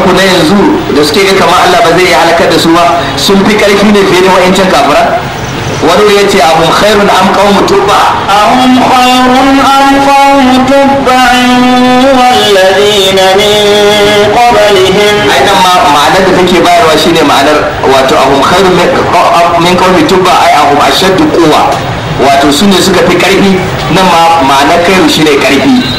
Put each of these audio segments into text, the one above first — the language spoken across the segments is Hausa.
kafiranku na yanzu da suke ga kamar Allah ba zai yi halakar da su ba sun fi karfi ne fiye da wa'ancan kafiran wani ya ce abun khairun am qawmu tubba ahum khairun am qawmu tubba walladina min qablihim aidan ma ma'anar da take bayarwa shine ma'anar wato ahum khairun min qawmi tubba ai ahum ashaddu quwwa wato sune suka fi karfi nan ma ma'anar kairu shine karfi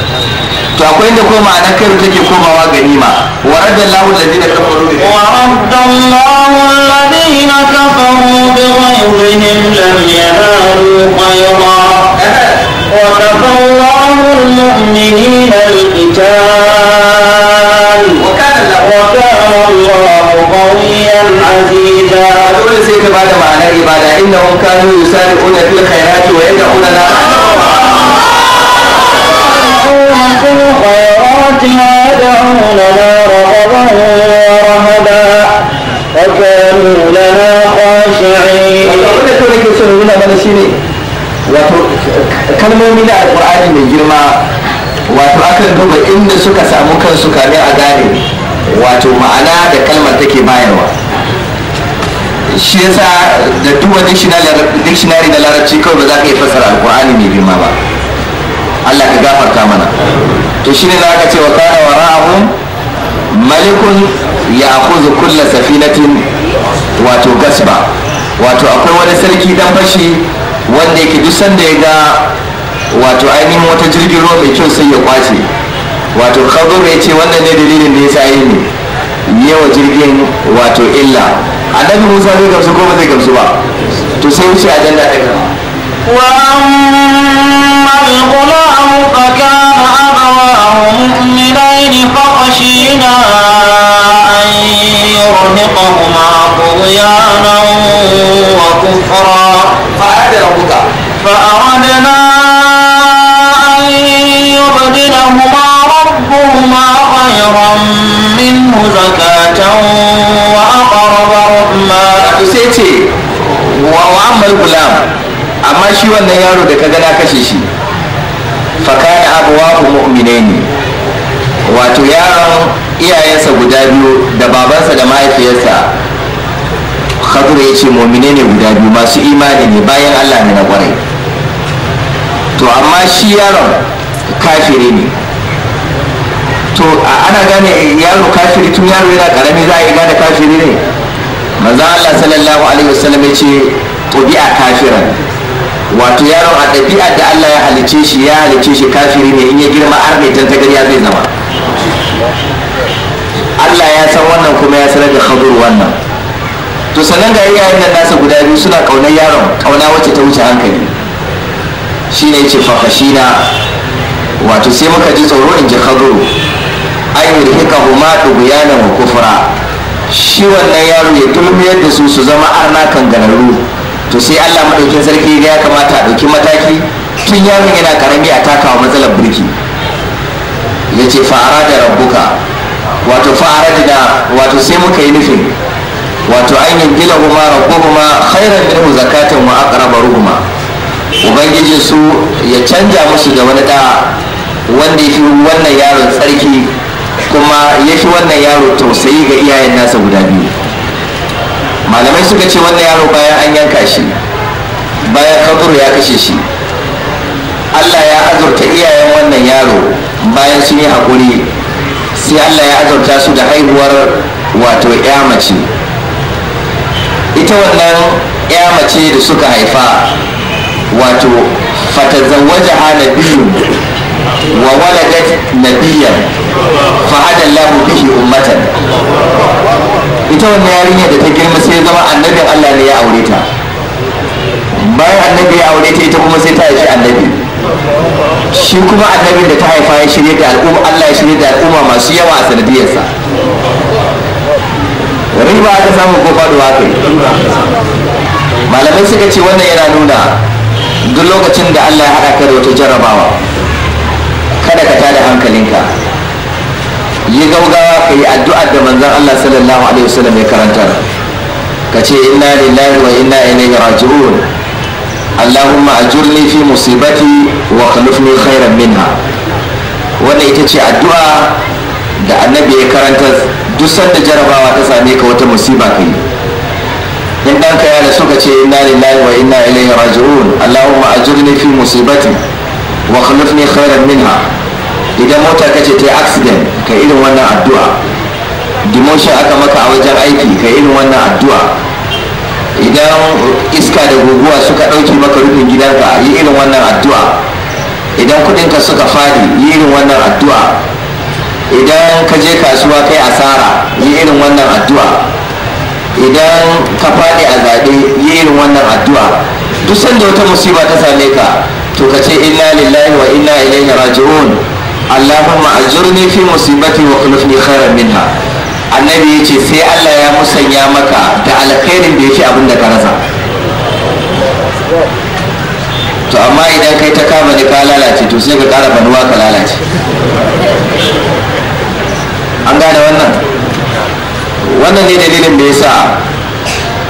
فأقول لكم معنى كيف تجيكم وغنيمة ورد الله الذين كفروا ورد الله الذين كفروا بغيظهم لم ينالوا خيرا وكفى الله المؤمنين القتال وكان الله قويا عزيزا أقول سيدي بعد معنى إبادة إنهم كانوا يسارعون في الخيرات ويدعون لنا آياتنا يدعوننا رغبا ورهبا وكانوا لنا خاشعين wato kalmomi na alƙur'ani mai girma wato akan duba inda suka samu kansu kare a gane wato ma'ana da kalmar take bayarwa shi yasa da duba dictionary na larabci kawai ba za ka iya fassara alƙur'ani mai girma ba Allah ka gafarta mana to shine za ka ce wa kana ra'ahu malikun ya akuzu kulla safinatin wato gasba wato akwai wani sarki dan fashi wanda yake duk sanda ya ga wato ainihin wata jirgin ruwa mai kyau sai ya kwace wato khabar ya ce wannan ne dalilin da ya sa yi yawa jirgin wato illa annabi musa zai gamsu ko ba zai gamsu ba to sai wuce a ɗin ɗaya ba. al-ghulam a kana مؤمنين فخشينا أن يرهقهما طغيانا وكفرا فأردنا أن يبدلهما ربهما خيرا منه زكاة وأقرب رحما وأما الغلام أما شيء wannan yaro da ka gana kashe shi fakana abuwahu mu'minaini wato yaron iyayensa guda biyu da babansa da mahaifiyarsa khadir ya ce mu'mine ne guda biyu masu imani ne bayan Allah ne na kwarai to amma shi yaron kafiri ne to ana gane yaro kafiri tun yaro yana karami za a yi gane kafiri ne manzo Allah sallallahu alaihi wasallam ya ce a kafiran wato yaron a ɗabi'a da Allah ya halice shi ya halice shi kafiri ne in ya girma har mai ya zai zama Allah ya san wannan kuma ya sanar da khabur wannan to sanan ga iyayen nan nasa guda biyu suna kaunar yaron kauna wacce ta wuce hankali shine yace fa fashina wato sai muka ji tsoro in ji khabur an yurhika huma dubyana wa kufra shi wannan yaro ya tulmi da su su zama arna kangararru to sai Allah madaukin sarki ya kamata a ɗauki mataki tun yaron yana karami a takawa matsalar birki ya ce fa'ara da rabbuka wato fa'ara da wato sai muka yi nufin wato an yi gila kuma rabbuhuma khairan mu zakatan wa aqraba ruhuma ubangiji su ya canja musu da wani da wanda ya fi wannan yaron tsarki kuma ya fi wannan yaro tausayi ga iyayen nasa guda biyu malamai suka ce wannan yaro bayan an yanka shi bayan kaburu ya kashe shi allah ya azurta iyayen wannan yaro bayan sun yi haƙuri sai allah ya azurta su da haihuwar wato mace ita wannan ya mace da suka haifa wato fatazan waje biyu wa waladat nabiyan fa hada Allahu bihi ummatan ita wannan yarinya da ta girma sai zama annabin Allah ne ya aure ta bayan annabi ya aure ta ita kuma sai ta haifi annabi shi kuma annabin da ta haifa ya shirye da al'umma Allah ya shirye da al'umma masu yawa a sanadiyarsa riba aka samu ko faduwa kai malamai suka ce wannan yana nuna duk lokacin da Allah ya haɗa ka da wata jarabawa kada ka tada hankalinka yi gaugawa ka yi addu'ar da manzan Allah sallallahu alaihi wasallam ya karanta ka ce inna lillahi wa inna ilaihi raji'un Allahumma ajurni fi musibati wa khalifni khairan minha wannan ita ce addu'a da annabi ya karanta duk sanda jarabawa ta same ka wata musiba ka yi in dan ya rasu ka ce inna lillahi wa inna ilaihi raji'un Allahumma ajurni fi musibati wa khalifni khairan minha idan mota ka ce ta yi accident ka irin wannan addu'a demotion aka maka a wajen aiki ka irin wannan addu'a idan iska da guguwa suka ɗauki maka rufin gidanka yi irin wannan addu'a idan kudinka suka fadi yi irin wannan addu'a idan ka je kasuwa kai asara yi irin wannan addu'a idan ka faɗi a zaɓe yi irin wannan addu'a duk sanda wata musiba ta same ka to ka ce inna lillahi wa inna ilaihi raji'un Allahumma ajurni fi musibati wa khulifni khairan minha annabi ya ce sai Allah ya musanya maka da alkhairin da yake abin da ka rasa to amma idan kai ta kama ni ka lalace to sai ka kara banuwa ka lalace an gane wannan wannan ne dalilin da ya sa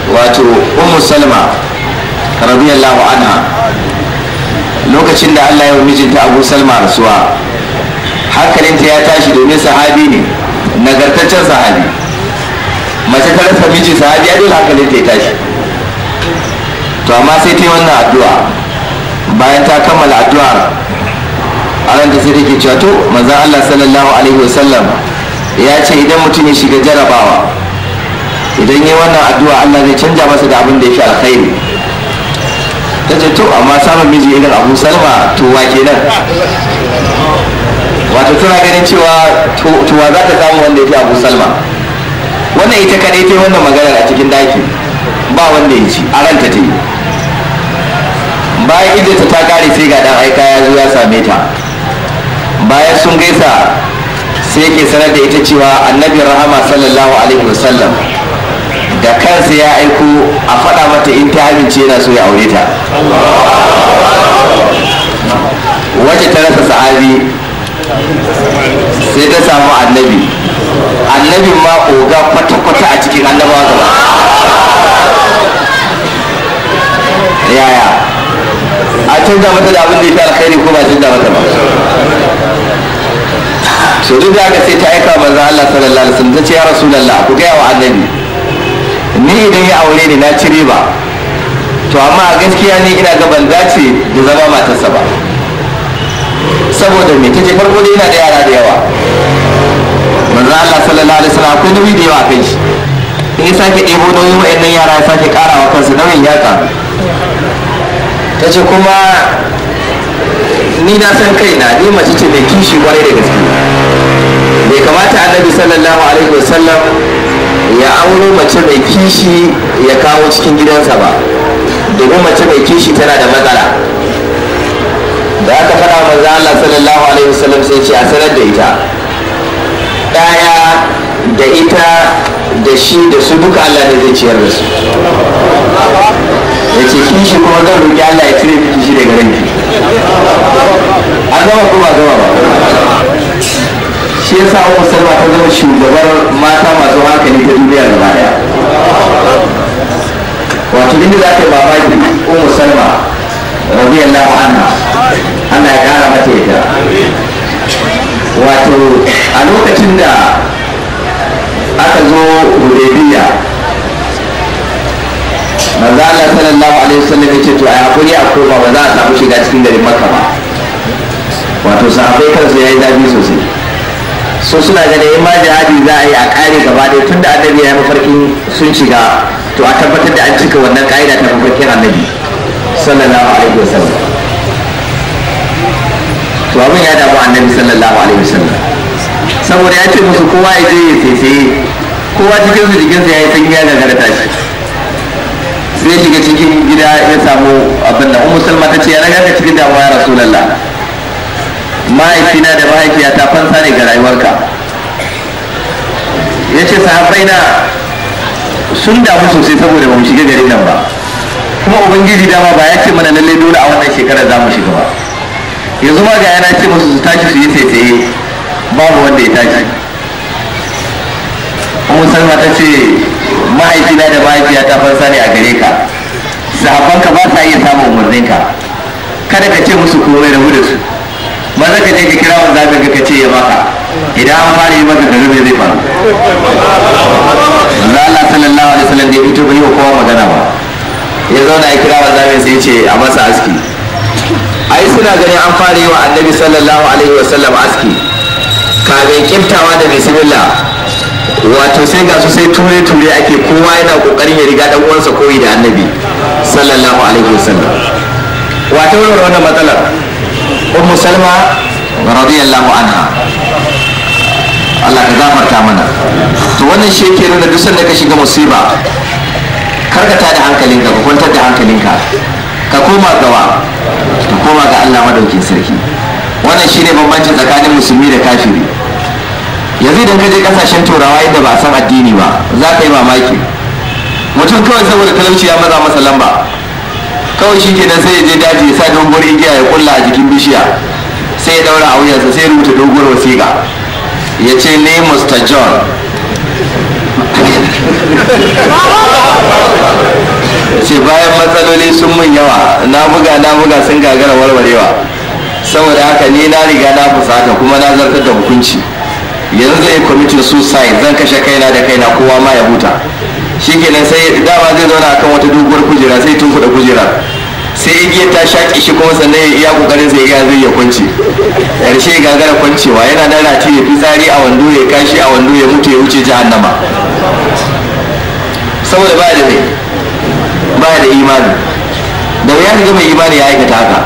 wato ummu salma radiyallahu anha lokacin da Allah ya yi mijinta abu salma rasuwa hankalinta ya tashi domin sahabi ne nagartaccen sahabi mace ta rasa miji sahabi ya dole hankalinta ya tashi to amma sai ta yi wannan addu'a bayan ta kammala addu'ar aranta sai take cewa to manzon Allah sallallahu alaihi wasallam ya ce idan mutum ya shiga jarabawa idan yi wannan addu'a Allah zai canja masa da abin da ya fi alkhairi ta ce to amma samun miji irin abu salma to wa kenan wato tana ganin cewa tuwa za ta samu wanda ya fi abu salma wannan ita kaɗai ta yi wannan maganar a cikin daki ba wanda ya ci a ranta ta yi bayan idda ta kare sai ga dan aika ya zo ya same ta bayan sun gaisa sai ke sanar da ita cewa annabi rahama sallallahu alaihi wasallam da kansa ya aiko a faɗa mata in ta amince yana so ya aure ta wacce ta rasa Sa'ari. sai ta samu annabi annabin ma oga kwata-kwata a cikin annabawa gaba yaya a canza mata da abin da ya fi alkhairi ko ba canza mata ba so duk da aka sai ta aika manzo Allah sallallahu alaihi wasallam ta ce ya rasulallah ku ga wa annabi ni idan ya aure ni na cire ba. to amma a gaskiya ni ina ga ban dace da zama matarsa ba saboda me ta ce farko dai yana da yara da yawa manzo Allah sallallahu alaihi wasallam akwai nauyi da yawa kai shi in ya sake ɗebo nauyin wa'annan yara ya sake karawa kansa nauyin ya ƙaru ta ce kuma ni na san kaina ni mace ce mai kishi kwarai da gaske bai kamata annabi sallallahu alaihi wasallam ya auro mace mai kishi ya kawo cikin gidansa ba domin mace mai kishi tana da matsala da aka wa manzo Allah sallallahu alaihi wasallam sai ce a sanar da ita daya da ita da shi da su duka Allah ne zai ciyar da su ya ce shi kuma zan roƙi Allah ya cire shi daga ranki an gama kuma gama ba shi ya sa wa Salma ta zama shugabar mata masu hankali ta duniya gaba daya wato inda za ta yi mamaki Ummu Salma radiyallahu anha Allah ya kara mata ita wato a lokacin da aka zo hudaybiya manzo Allah sallallahu alaihi wasallam yace to a hakuri a koma ba za a samu shiga cikin garin Makka ba wato sahabbai kansu yayi zafi sosai so suna ganin in ma jihadi za a yi a kare gaba da tunda annabi ya yi mafarkin sun shiga to a tabbatar da an cika wannan ka'ida ta mafarkin annabi sallallahu alaihi wasallam abin ya damu annabi sallallahu alaihi wasallam saboda ya ce musu kowa ya je ya tsaye kowa cikin su jikinsa ya yi sanyi ya gagara tashi sai shiga cikin gida ya samu abin da ummu salma ta ce ya ga ka cikin damuwa ya rasulallah mahaifina da mahaifiya ta fansa ne ga rayuwarka ya ce sahabbai na sun damu sosai saboda ba mu shiga garin nan ba kuma ubangiji dama ba ya ce mana lallai dole a wannan shekarar za mu shiga ba yanzu ma ga yana ce musu su tashi su yi tsaye babu wanda ya tashi kuma salma ta ce mahaifina da mahaifiya ta fansa ne a gare ka sahabbanka ba sa iya samun ka kada ka ce musu komai rabu da su za ka je ka kira wanda zaka ka ce ya baka idan an fara yi maka gari zai faru Allah Allah sallallahu alaihi wasallam da ya fito bai yi wa kowa magana ba ya zauna ya kira wanda zaka sai ce a masa aski ai suna ganin an fara yi wa annabi sallallahu alaihi wasallam aski kafin kimtawa da bismillah wato sai ga su sai ture ture ake kowa yana kokarin ya riga dan uwansa koyi da annabi sallallahu alaihi wasallam wato wannan matsalar ummu salma radiyallahu anha Allah ka gafarta mana to wannan shi da nuna duk sanda ka shiga musiba karkata da hankalinka ka kwantar da hankalinka ka koma gawa ka koma ga Allah madaukin sarki wannan shine bambancin tsakanin musulmi da kafiri yanzu idan ka je kasashen turawa yadda ba a san addini ba za ka yi mamaki mutum kawai saboda talauci ya maza masa lamba kawai shi kenan sai ya je daji ya sa dogon igiya ya kulla a jikin bishiya sai ya daura a wuyansa sai ya rubuta doguwar wasiƙa ya ce ne mr john ce bayan matsaloli sun mun yawa na buga na buga sun gagara warwarewa saboda haka ni na riga na fusata kuma na zartar da hukunci yanzu zai kwamitin suicide zan kashe kaina da kaina kowa ma ya huta shikenan sai dama zai zauna akan wata doguwar kujera sai tun kuɗa kujera sai igiyar ta shaƙi shi kuma sannan ya kokarin sai ya zai ya kwance ƙarshe gagara kwancewa yana da rati ya fitsari a wando ya kashi a wando ya mutu ya wuce jahannama saboda ba da mai ba da imani da ya ga mai imani ya aikata haka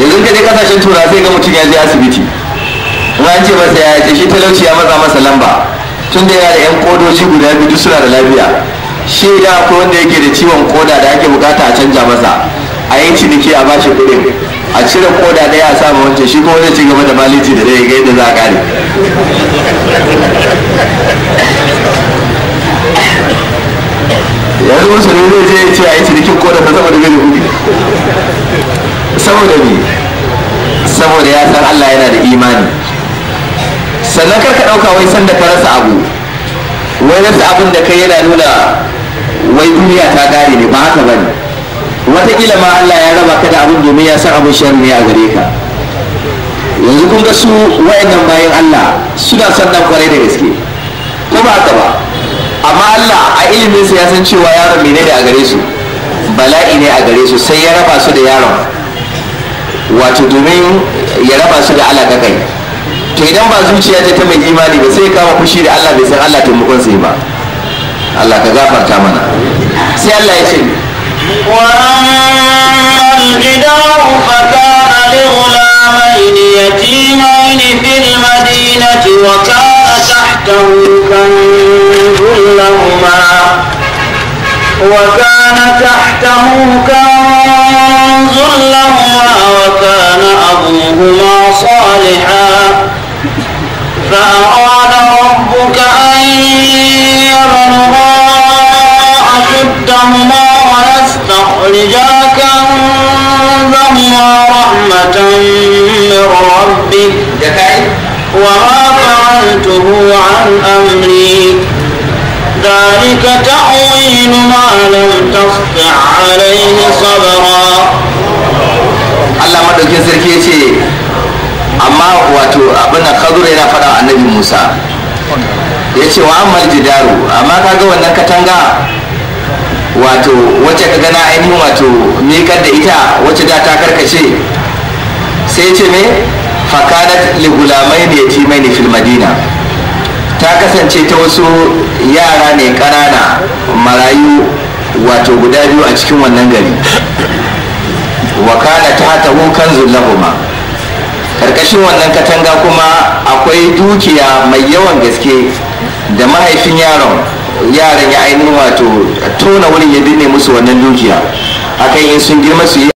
yanzu ka je kasashen tura sai ga mutum ya je asibiti an ce masa ya ce shi talauci ya matsa masa lamba tun da yana da yan kodoci guda biyu suna da lafiya shi da akwai wanda yake da ciwon koda da ake bukata a canja masa a yi ciniki a bashi kuɗi, a cire koda ɗaya a samu wancan shi kuma zai ci gaba da maliti da ɗaya ga yadda za a kare ya zo su ne zai je ya ce a yi cikin ko da saboda gani saboda ne saboda ya san Allah yana da imani sannan karka ɗauka wai sanda ka rasa abu wai rasa abin da kai yana nuna wai duniya ta gare ne ba haka bane wataƙila ma Allah ya raba ka da abin domin ya san abin shan ne a gare ka yanzu kun ga su wayannan bayan Allah suna son nan kwarai da gaske ko ba haka ba amma Allah a ilimin sa ya san cewa yaron ne a gare su bala'i ne a gare su sai ya raba su da yaron wato domin ya raba su da Allah kakai to idan ba zuciya ta mai imani ba sai kama fushi da Allah bai san Allah taimakon sai ba Allah ka gafarta mana sai Allah ya ce وكان لِغُلَامَيْنِ يَتِيمَيْنِ فِي الْمَدِينَةِ وَكَانَ تحته كنز لهما وكان تحته كنز لهما وكان أبوهما صالحا فأراد ربك أن يبلغا أشدهما ويستخرجا كنزهما رحمة من ربك وما فعلته عن أمري ذلك تأويل ما لم تستع عليه صبرا Allah madaukin sarki ya ce amma wato abin da kadur yana a annabi Musa ya ce wa amma jidaru amma kaga wannan katanga wato wacce ka gana ainihin wato miƙar da ita wacce da ta karkace sai ce me fakanat li gulamai ne ci mai fil madina ta kasance ta wasu yara ne marayu wato guda biyu a cikin wannan gari wakala ta ta hukan zullahuma karkashin wannan katanga kuma akwai dukiya mai yawan gaske da mahaifin yaron yaran ya ainihin wato tona wurin ya binne musu wannan dukiya akan in sun girma su yi